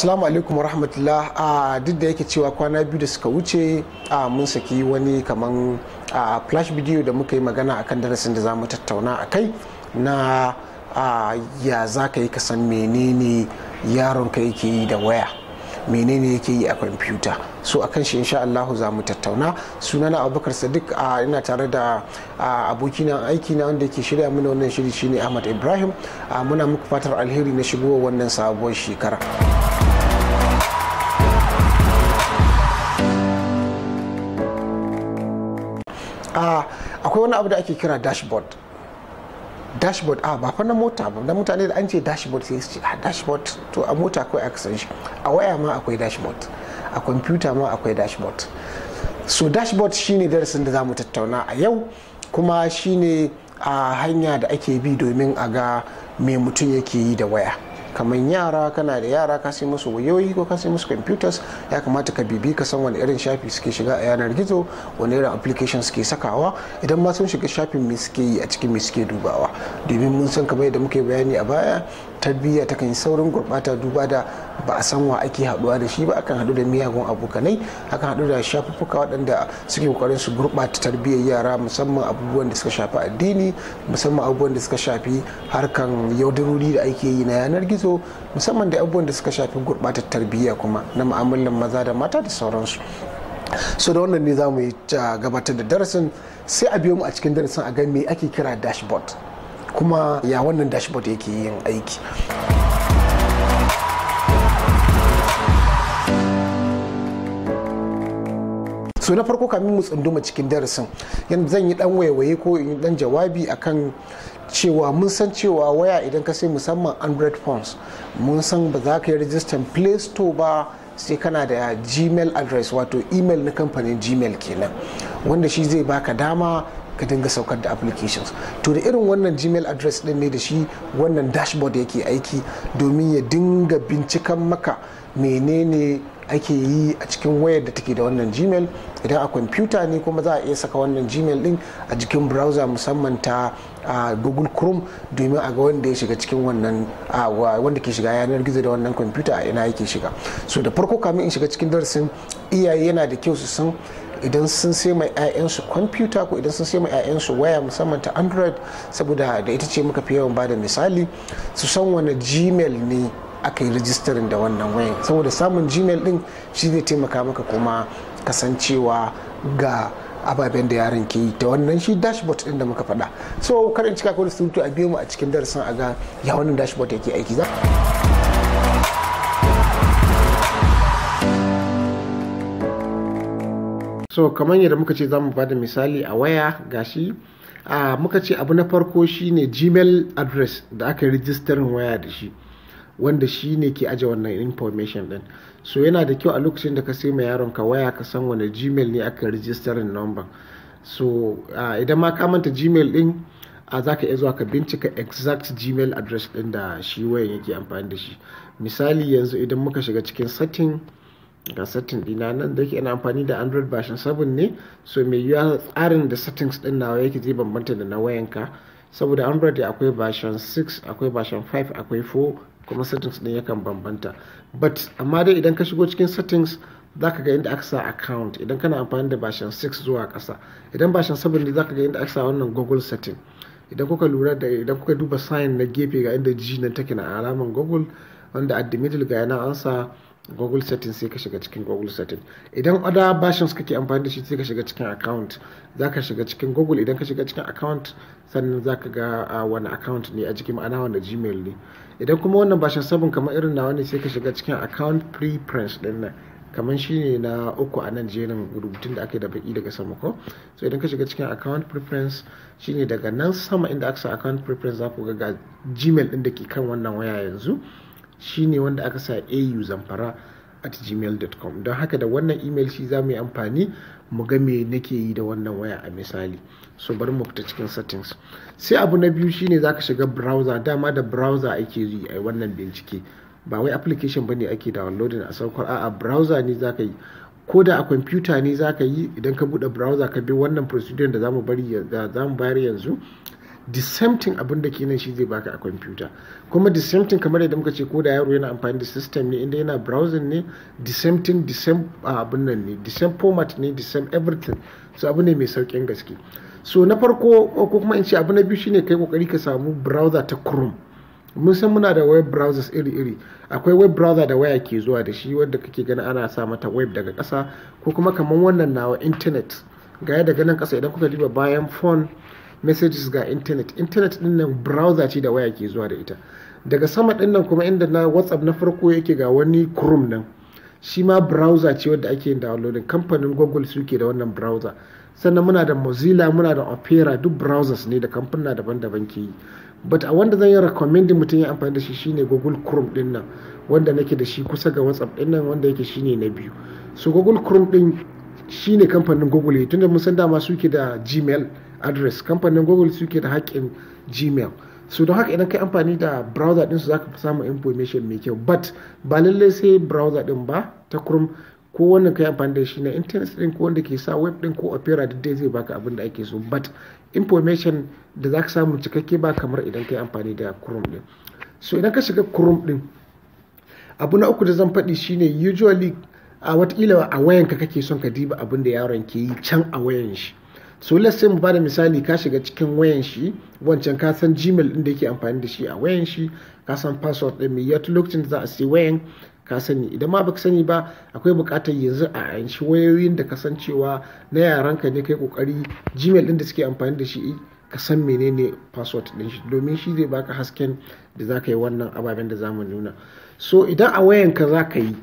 assalamu alaikum wa rahmatullah a duk da yake cewa kwana biyu da suka wuce a mun saki wani kaman a flash video da muka yi magana akan darasin da za mu tattauna a kai na a ya za ka yi ka san menene yaron ka yake yi da waya menene yake yi a kwamfuta so akan shi insha Allahu za mu tattauna sunana abubakar sadiq a ina tare da abokina aiki na wanda yake shirya mana wannan shiri shine ahmad ibrahim muna muku fatar alheri na shigowa wannan sabuwar shekara Ah, akwai wani abu da ake kira dashboard dashboard a ah, ba fa na mota ba na mutane da an ce dashboard sai ce a ah, dashboard to a mota akwai accent a waya ma akwai dashboard a kwamfuta ma akwai dashboard so dashboard shine darasin da za mu tattauna a yau kuma shine a hanya da ake bi domin a ga me mutum yake yi da waya kamar yara kana da yara ka sai musu wayoyi ko ka sai musu computers ya kamata ka bibi ka san wani irin shafi suke shiga a yanar gizo wani irin application suke sakawa idan ma sun shiga shafin me suke yi a cikin me suke dubawa domin mun san kamar yadda muke bayani a baya tarbiyya ta kan saurin gurɓata duba da ba a san wa ake haɗuwa da shi ba akan haɗu da miyagun abokanai akan haɗu da shafuffuka waɗanda suke kokarin su gurɓata tarbiyyar yara musamman abubuwan da suka shafi addini musamman abubuwan da suka shafi harkan yaudarori da ake yi na yanar gizo musamman da abubuwan da suka shafi gurɓatar tarbiyya kuma na mu'amalan maza da mata da sauransu so da wannan ne za mu yi ah, gabatar da darasin sai a biyo mu a cikin darasin a ga me ake kira dashboard kuma ya wannan dashboard yake yin aiki so na farko kamin mu tsunduma cikin darasin yadda zan yi dan waiwaye ko in dan jawabi akan cewa mun san cewa waya idan ka sai musamman android phones mun san ba za ka yi rajistan play store ba sai kana da gmail address wato email na kamfanin gmail kenan wanda shi zai baka dama ka dinga saukar da applications to da irin wannan gmail address din ne da shi wannan dashboard yake aiki domin ya dinga bincikan maka menene ake yi a cikin wayar da take da wannan gmail idan a kwamfuta ne kuma za a iya saka wannan gmail din a jikin browser musamman ta a google chrome domin a ga wanda ya shiga cikin wannan wanda ke shiga yanar gizo da wannan kwamfuta a ina yake shiga so da farko kamin in shiga cikin darasin iyaye yana da kyau su san idan sun sai mai 'ya'yansu kwamfuta ko idan sun sai mai 'ya'yansu waya musamman ta android saboda da ita ce muka fi yawan bada misali su san wani gmail ne aka yi rijistarin da wannan wayan saboda samun gmail din shi zai taimaka maka kuma kasancewa ga ababen da yaron ke yi ta wannan shi dashboard din da muka faɗa so karin cika kawai surutu a biyu mu a cikin darasin a ga ya wannan dashboard yake aiki za so kamar yadda muka ce za mu bada misali a waya gashi a muka ce abu na farko shine gmail address da aka rijistarin waya da shi wanda shi ne ke aje wannan information din so yana da kyau a lokacin da ka sai ma yaron ka waya ka san wani gmail ne aka rijistarin number so idan ma ka manta gmail din a za ka iya zuwa ka bincika exact gmail address din da shi wayan yake amfani da shi misali yanzu idan muka shiga cikin setting ga setting dina nan da yake ina amfani da android version 7 ne so mai yiwuwa tsarin da settings din nawa yake zai bambanta da na wayanka saboda android ya akwai version 6 akwai version 5 akwai 4 kuma settings din yakan bambanta but amma dai idan ka shigo cikin settings zaka ga inda aka sa account idan kana amfani da version 6 zuwa kasa idan version 7 ne zaka ga inda aka sa wannan google setting idan kuka lura da idan kuka duba sign na gefe ga inda g nan take na alaman google wanda at the middle ga yana an sa google settings sai ka shiga cikin google settings idan other versions kake amfani da shi sai ka shiga cikin account za ka shiga cikin google idan ka shiga cikin account sannan za ka ga wani account ne a jikin ma'ana wanda gmail ne idan kuma wannan version sabon kamar irin nawa ne sai ka shiga cikin account preference din nan kamar shine na uku a nan jerin rubutun da aka yi da baki daga sama ko so idan ka shiga cikin account preference shine daga nan sama inda aka sa account preference za ku ga gmail din da ke kan wannan waya yanzu shi ne wanda aka sa au zamfara at gmail.com don haka da wannan email shi za mu yi amfani mu ga me nake yi da wannan waya a misali so bari mu fita cikin settings sai abu na biyu shine za ka shiga browser dama da browser ake yi a wannan bincike ba wai application bane ake downloading a saukar a'a browser ne za ka yi ko da a kwamfuta ne za ka yi idan ka buɗe browser ka bi wannan procedure da za mu bayar yanzu the same abin da ke nan shi zai baka a kwamfuta kuma the same thing kamar yadda muka ce ko da yaro yana amfani da system ne inda yana browsing ne the same thing ah, abin nan ne the format ne the everything so abu ne mai saukin gaske so na farko ko kuma in ce abu na biyu shine kai kokari ka samu browser ta chrome mun san muna da web browsers iri-iri akwai web browser da waya ke zuwa da shi wadda kake gani ana sa mata web daga kasa ko kuma kamar wannan nawa internet ga daga nan kasa idan kuka liba bayan phone messages ga internet internet din nan browser ce da waya ke zuwa da ita daga sama din nan kuma inda na whatsapp na farko yake ga wani chrome nan shi ma browser ce wadda ake yin downloading kamfanin google suke da wannan browser sannan muna da mozilla muna da opera duk browsers ne da kamfuna daban-daban ke yi but a wanda zan yi recommending mutum ya amfani da shi shine google chrome din nan wanda nake da shi kusa ga whatsapp din nan wanda yake shine na biyu so google chrome din shine kamfanin google tunda mun san dama suke da gmail address kamfanin google suke da hakkin gmail so don haka idan kai amfani da browser din su zaka samu information mai kyau but ba lallai sai browser din ba ta kurum ko wannan kai amfani da shi na internet din ko wanda ke sa web din ko opera duk dai zai baka abin da ake so but information da zaka samu cikakke ba kamar idan kai amfani da kurum din so idan ka shiga kurum din abu na uku da zan faɗi shine usually a watakila a wayanka kake son ka diba abin da yaron ke yi can a wayan shi so let's say mu bada misali ka shiga cikin wayan shi wancan ka san gmail din da yake amfani da shi a wayan shi ka san password din mai yato lokacin da za a sai wayan ka sani idan ma baka sani ba akwai bukatar yanzu a yanci wayoyin da ka san cewa na yaran ka ne kai kokari gmail din da suke amfani da shi ka san menene password din shi domin shi zai baka hasken da za ka yi wannan ababen da za mu nuna so idan a wayan za ka yi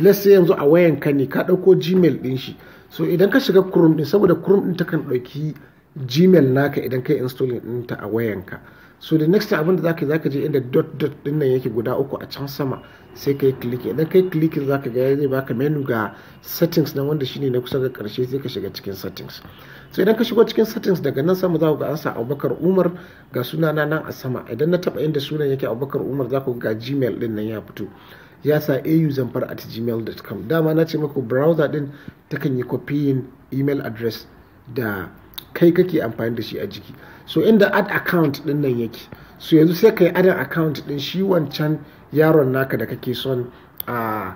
let's say yanzu a wayan ka ne ka ɗauko gmail din shi so idan ka shiga chrome din saboda chrome din takan ɗauki gmail naka idan ka yi installing ɗinta a wayanka so the next abin da zaka zaka je inda dot dot din nan yake guda uku a can sama sai kai click idan kai click zaka ga zai baka menu ga settings nan wanda shine na kusa ga karshe sai ka shiga cikin settings so idan ka shigo cikin settings daga nan sama za ku ga an sa Abubakar Umar ga sunana nan a sama idan na taba inda sunan yake Abubakar Umar za ku ga Gmail din nan ya fito ya sa au zamfara at gmail.com dama na ce maku browser din takan yi kwafiyin email address da kai kake amfani da shi a jiki so inda ad account din nan yake so yanzu sai ka yi adin account din shi wancan yaron naka da kake son ah,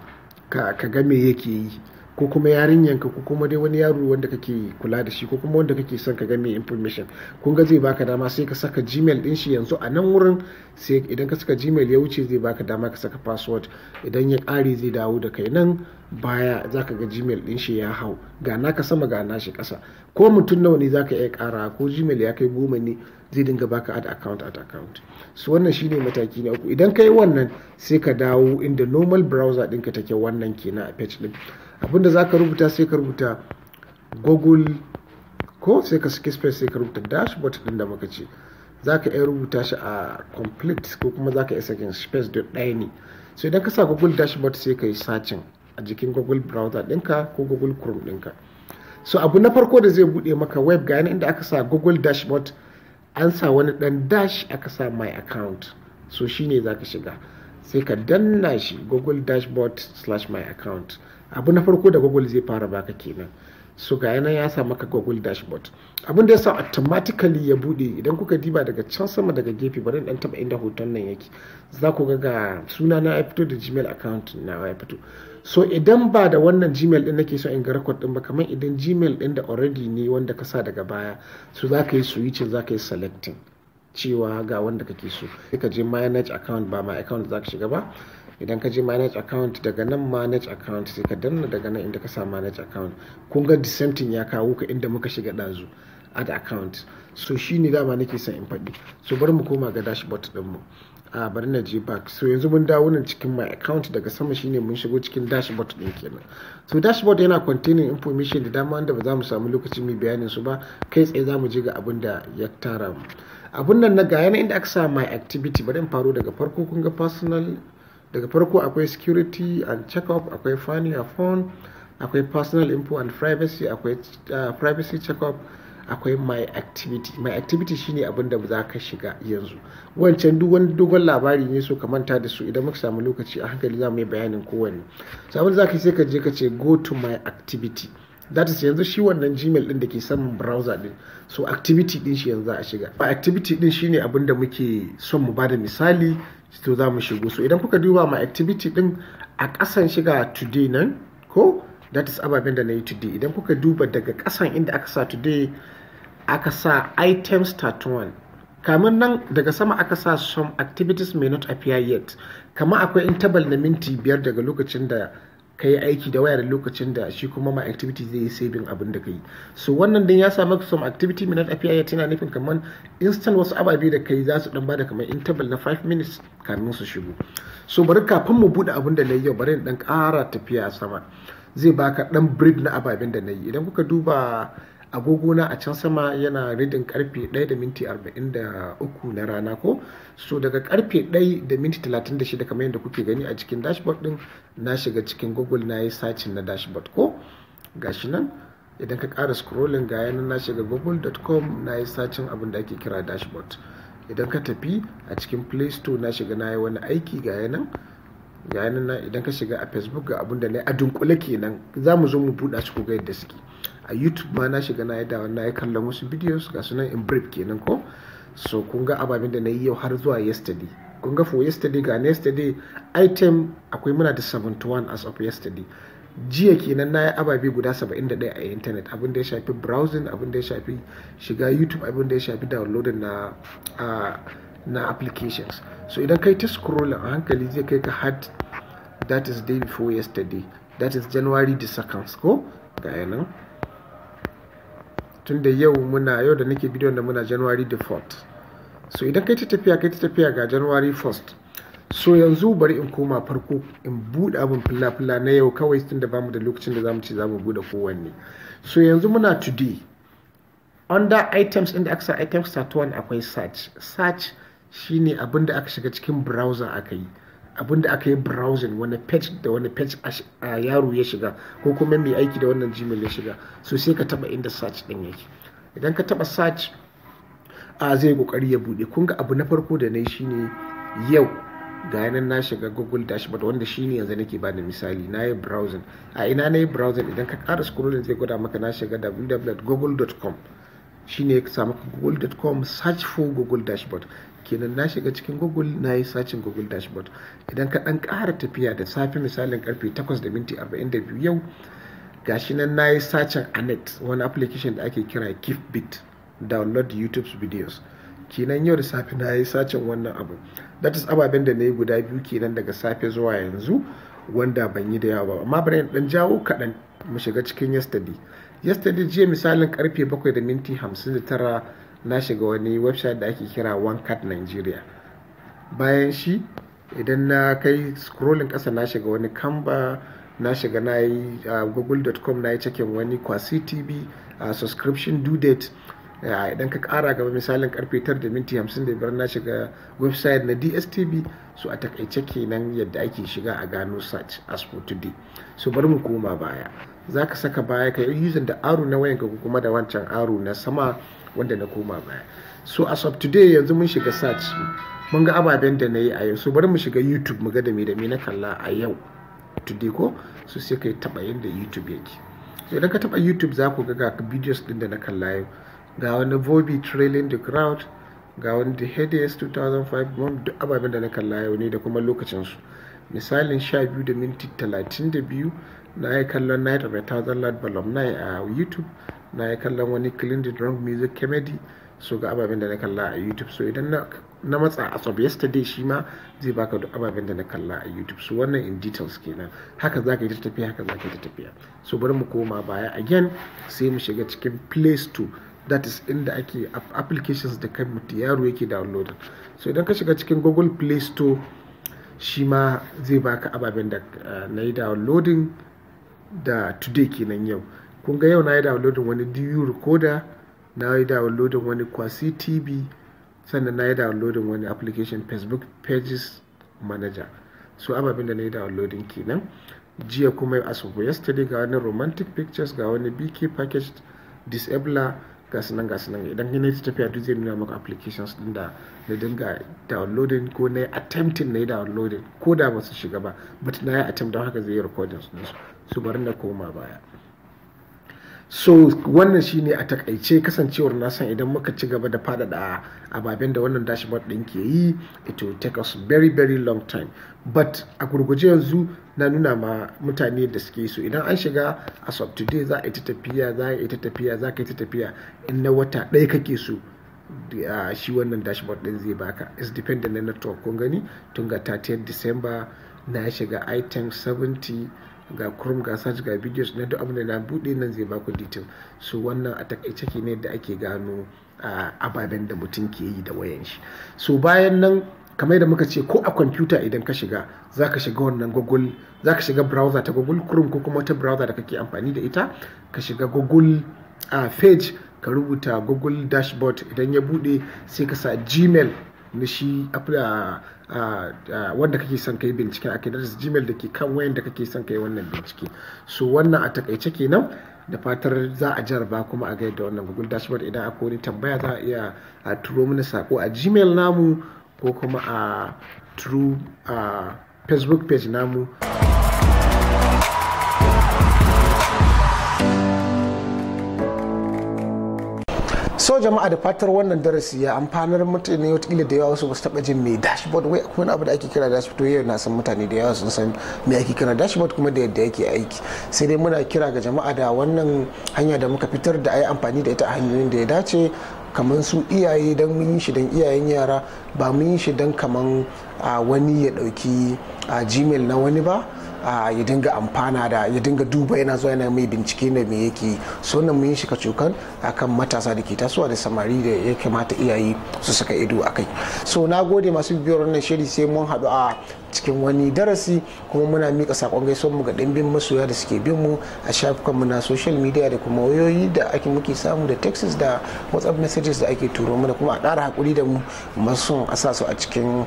a ka ga me yake yi ko kuma ka ko kuma dai wani yaro wanda kake kula da shi ko kuma wanda kake son ka ga mai information kun ga zai baka dama sai ka saka gmail din shi yanzu a nan wurin sai idan ka saka gmail ya wuce zai baka dama ka saka password idan ya kare zai dawo da kai nan baya zaka ga gmail din shi ya hau gana ka sama gana shi kasa ko mutum nawa ne zaka iya kara ko gmail ya kai goma ne zai dinga baka ad account ad account su wannan shine mataki na uku idan ka yi wannan sai ka dawo inda normal browser ɗinka take wannan kenan a page din abinda za ka rubuta sai ka rubuta google ko sai ka suke space sai ka rubuta dashboard din da muka ce za ka iya rubuta shi a complete ko kuma za ka iya sakin space dot ɗaya ne so idan ka sa google dashboard sai ka yi searching a jikin google browser ɗinka ko google chrome ɗinka so abu na farko da zai buɗe maka web ga inda aka sa google dashboard an sa wani ɗan dash aka sa my account so shine za ka shiga sai ka danna shi google dashboard slash my account abu na farko da google zai fara baka kenan so ga yana ya sa maka google dashboard abin da ya sa automatically ya bude idan kuka diba daga can sama daga gefe bari dan taba inda hoton nan yake za ku ga ga suna na ya fito da gmail account na ya fito so idan ba da wannan gmail din nake so in ga record din ba kamar idan gmail din da already ne wanda ka sa daga baya so za ka yi switching za ka yi selecting cewa ga wanda kake so sai ka je manage account ba ma account za ka shiga ba idan ka je manage account daga nan manage account sai ka danna daga nan inda ka sa manage account kun ga dissenting ya kawo ka inda muka shiga ɗazu add account so shi ne dama nake son in faɗi so bari mu koma ga dashboard din mu a bari na je back so yanzu mun dawo nan cikin my account daga sama shine mun shigo cikin dashboard din kenan so dashboard yana containing information da dama wanda ba za mu samu lokacin mu bayanin su ba kai tsaye za mu je ga abin da ya tara mu abun nan na ga yana inda aka sa my activity bari in faro daga farko kun ga personal daga farko akwai security and check-up akwai finding a phone akwai personal info and privacy akwai uh, privacy check-up akwai my activity my activity shine abin da za ka shiga yanzu wancan duk wani dogon labari ne so ka manta da su idan muka samu lokaci a hankali za mu yi bayanin kowanne sabon za ka sai ka je ka ce go to my activity that is yanzu shi wannan gmail din da ke saman browser din so activity din shi yanzu za a shiga activity din shine abin da muke son mu bada misali to za mu shigo so idan kuka duba ma activity din a kasan shiga today nan ko that is ababen da na yi today idan kuka duba daga ƙasan inda aka sa today aka sa item start kamar nan daga sama aka sa some activities may not appear yet kamar akwai interval na minti biyar daga lokacin da ka yi aiki da wayar lokacin da shi kuma mai activity zai yi sabin abin da ka yi so wannan din ya samu some activity minute api tana nufin kamar instant wasu ababe da ka yi za su dan bada kamar interval na 5 minutes kamin su shigo so bari kafin mu bude abin da na yi yau bari in dan kara tafiya sama zai baka dan brief na ababen da na yi idan kuka duba agogona a can sama yana ridin karfe 1 da minti 43 na rana ko so daga karfe 1 da minti 36 kamar yadda kuke gani a cikin dashboard din na shiga cikin google na yi sacin na dashboard ko gashi nan idan ka ƙara scrolling ga yanar na shiga google.com na yi sacin abin da ake kira dashboard idan ka tafi a cikin play store na shiga na yi wani aiki ga yanar ga yanar idan ka shiga a facebook ga abin da na yi a dunkule kenan za mu zo mu buɗa su ku ga yadda suke a youtube ma na shiga na yi da na yi kallon wasu videos ga sunan in brief kenan ko so kun ga ababen da na yi yau har zuwa yesterday kun ga for yesterday ga yesterday item akwai muna da 71 as of yesterday jiya kenan na yi ababe guda 71 a internet abin da ya shafi browsing abin da ya shafi shiga youtube abin da ya shafi downloading na na applications so idan kai ta scrolling a hankali zai kai ka had that is day before yesterday that is january the second ko ga yanan tunda yau muna yau da nake bidiyon da muna january the 4th so idan kai ta tafiya kai ta tafiya ga january 1st so yanzu bari in koma farko in buɗe abin fila-fila na yau kawai tun da bamu da lokacin da zamu ce mu buɗe kowanne so yanzu muna today under items inda aka sa items sat akwai search search shine abin da aka shiga cikin browser aka yi abinda aka yi browsing wani page da wani page a yaro ya shiga ko kuma mai aiki da wannan gmail ya shiga so sai ka taba inda search din yake idan ka taba search a zai kokari ya bude kun ga abu na farko da na yi shine yau ga yanan na shiga google dashboard wanda shine yanzu nake bani misali na yi browsing a ina na yi browsing idan ka kara scrolling zai gwada maka na shiga www.google.com shine ka samu google.com search for google dashboard kenan na shiga cikin google na yi sacin google dashboard idan ka dan ƙara tafiya da safe misalin karfe 8:42 yau gashi nan na yi sacin anet wani application da ake kira kifbit download youtube's videos kenan yau da safe na yi sacin wannan abu that is ababen da na yi guda biyu kenan daga safe zuwa yanzu wanda ban yi da yawa ba amma bari dan jawo kaɗan mu shiga cikin yesterday yesterday jiya misalin karfe 7 da minti 59 na shiga wani website da ake kira one card nigeria bayan shi idan na kai scrolling ƙasa na shiga wani kamba na shiga na yi uh, ah, google.com na yi cikin wani kwasi tv a ah, subscription due date ah, idan ka kara gaba misalin karfe 9 da minti 55 na shiga website na dstv so a takaice kenan yadda ake shiga a gano search as for today so bari mu koma baya za ka saka baya ka yi da aro na wayan ka kuma da wancan aro na sama wanda na koma baya so as of today yanzu mun shiga search mun ga ababen da na yi a yau so bari mu shiga youtube mu ga da me da na kalla a yau today ko so sai ka yi taba yadda youtube yake so idan ka taba youtube za ku ga ga videos din da na kalla yau ga wani vobi trailing the crowd ga wani the headaches 2005 mun duk ababen da na kalla yau ne da kuma lokacin su misalin 12 da minti 32 na yi kallon night of a thousand light na a youtube na yi kallon wani clean the drunk music comedy so ga ababen da na kalla a youtube so idan na matsa a sub yesterday shi ma zai baka duk ababen da na kalla a youtube so wannan in details kenan haka za ka yi ta tafiya haka za ka yi ta tafiya so bari mu koma baya again sai mu shiga cikin play store that is inda ake applications da kai mutu yaro yake download so idan ka shiga cikin google play store shi ma zai baka ababen da eh, na yi downloading da today kenan yau kun ga yau na yi downloadin wani du recorder na yi downloadin wani kwasi tv sannan na yi downloadin wani application facebook pages manager su so, ababen da na yi downloadin kenan jiya kuma asubu yesterday ga wani romantic pictures ga wani bk package disabler ga sunan ga sunan idan na ta tafiya duk zai nuna maka applications din da na dinga downloadin ko na yi attempting na yi downloadin ko da ba shiga ba but na yi attempt don haka zai yi recording su su bari na koma baya so wannan shine a takaice kasancewar na idan muka ci gaba da faɗaɗa ababen da wannan dashboard ɗin ke yi it will take us very very long time but a gurguje yanzu na nuna ma mutane da suke so idan an shiga as of today za a yi tafiya za a yi tafiya za ka yi tafiya in na wata ɗaya kake so shi wannan dashboard din zai baka is dependent na network kun gani tun ga 30 december na shiga item 70 ga chrome ga search ga videos na duk abin da na bude nan zai baku detail so wannan a takaice ke ne da ake gano ababen da mutum ke yi da wayan shi so bayan nan kamar da muka ce ko a kwamfuta idan ka shiga za ka shiga wannan google za ka shiga browser ta google chrome ko kuma wata browser da kake amfani da ita ka shiga google page ka rubuta google dashboard idan ya bude sai ka sa gmail na shi wanda kake son kai bincike a kai da gmail da ke kan wayan da kake son kai wannan bincike so wannan a takaice kenan da fatar za a jarba kuma a da wannan google dashboard idan a wani tambaya za a iya a turo mini sako a gmail namu ko kuma a true a facebook page namu jama'a da fatar wannan darasi ya amfanar mutane watakila da yawa wasu basu taba jin mai dashboard wai akwai wani abu da ake kira dashboard to yau na san mutane da yawa sun san me ake kira dashboard kuma da yadda yake aiki sai dai muna kira ga jama'a da wannan hanya da muka fitar da ayi amfani da ita a hanyoyin da ya dace kamar su iyaye don mun yi shi don iyayen yara ba mun yi shi don kamar wani ya dauki gmail na wani ba ya dinga amfana da ya dinga duba yana zuwa yana mai bincike da me yake so nan mun yi shi kacokan akan matasa da ke tasowa da samari da ya kamata iyaye su saka ido a kai so na gode masu biyar wannan shiri sai mun haɗu a cikin wani darasi kuma muna mika sakon gaisuwar mu ga dimbin masoya da suke bin mu a shafukan mu na social media da kuma wayoyi da ake muke samu da texas da whatsapp messages da ake turo mana kuma a ƙara hakuri da mu masu a sa su a cikin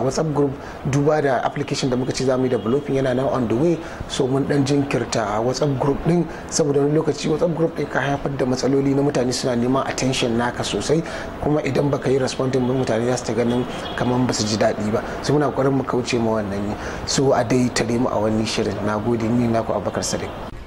whatsapp group duba da application da muka ce za mu yi developing yana now on the way so mun dan jinkirta whatsapp group din saboda wani lokaci whatsapp group din ka haifar da matsaloli na mutane suna neman attention naka sosai kuma idan baka yi responding ba mutane za su ta ganin kamar ba su ji daɗi ba su muna ƙoƙarin mu kauce mu kuma wannan so a dai tare mu a wani shirin na gode ni na ku abubakar sadiq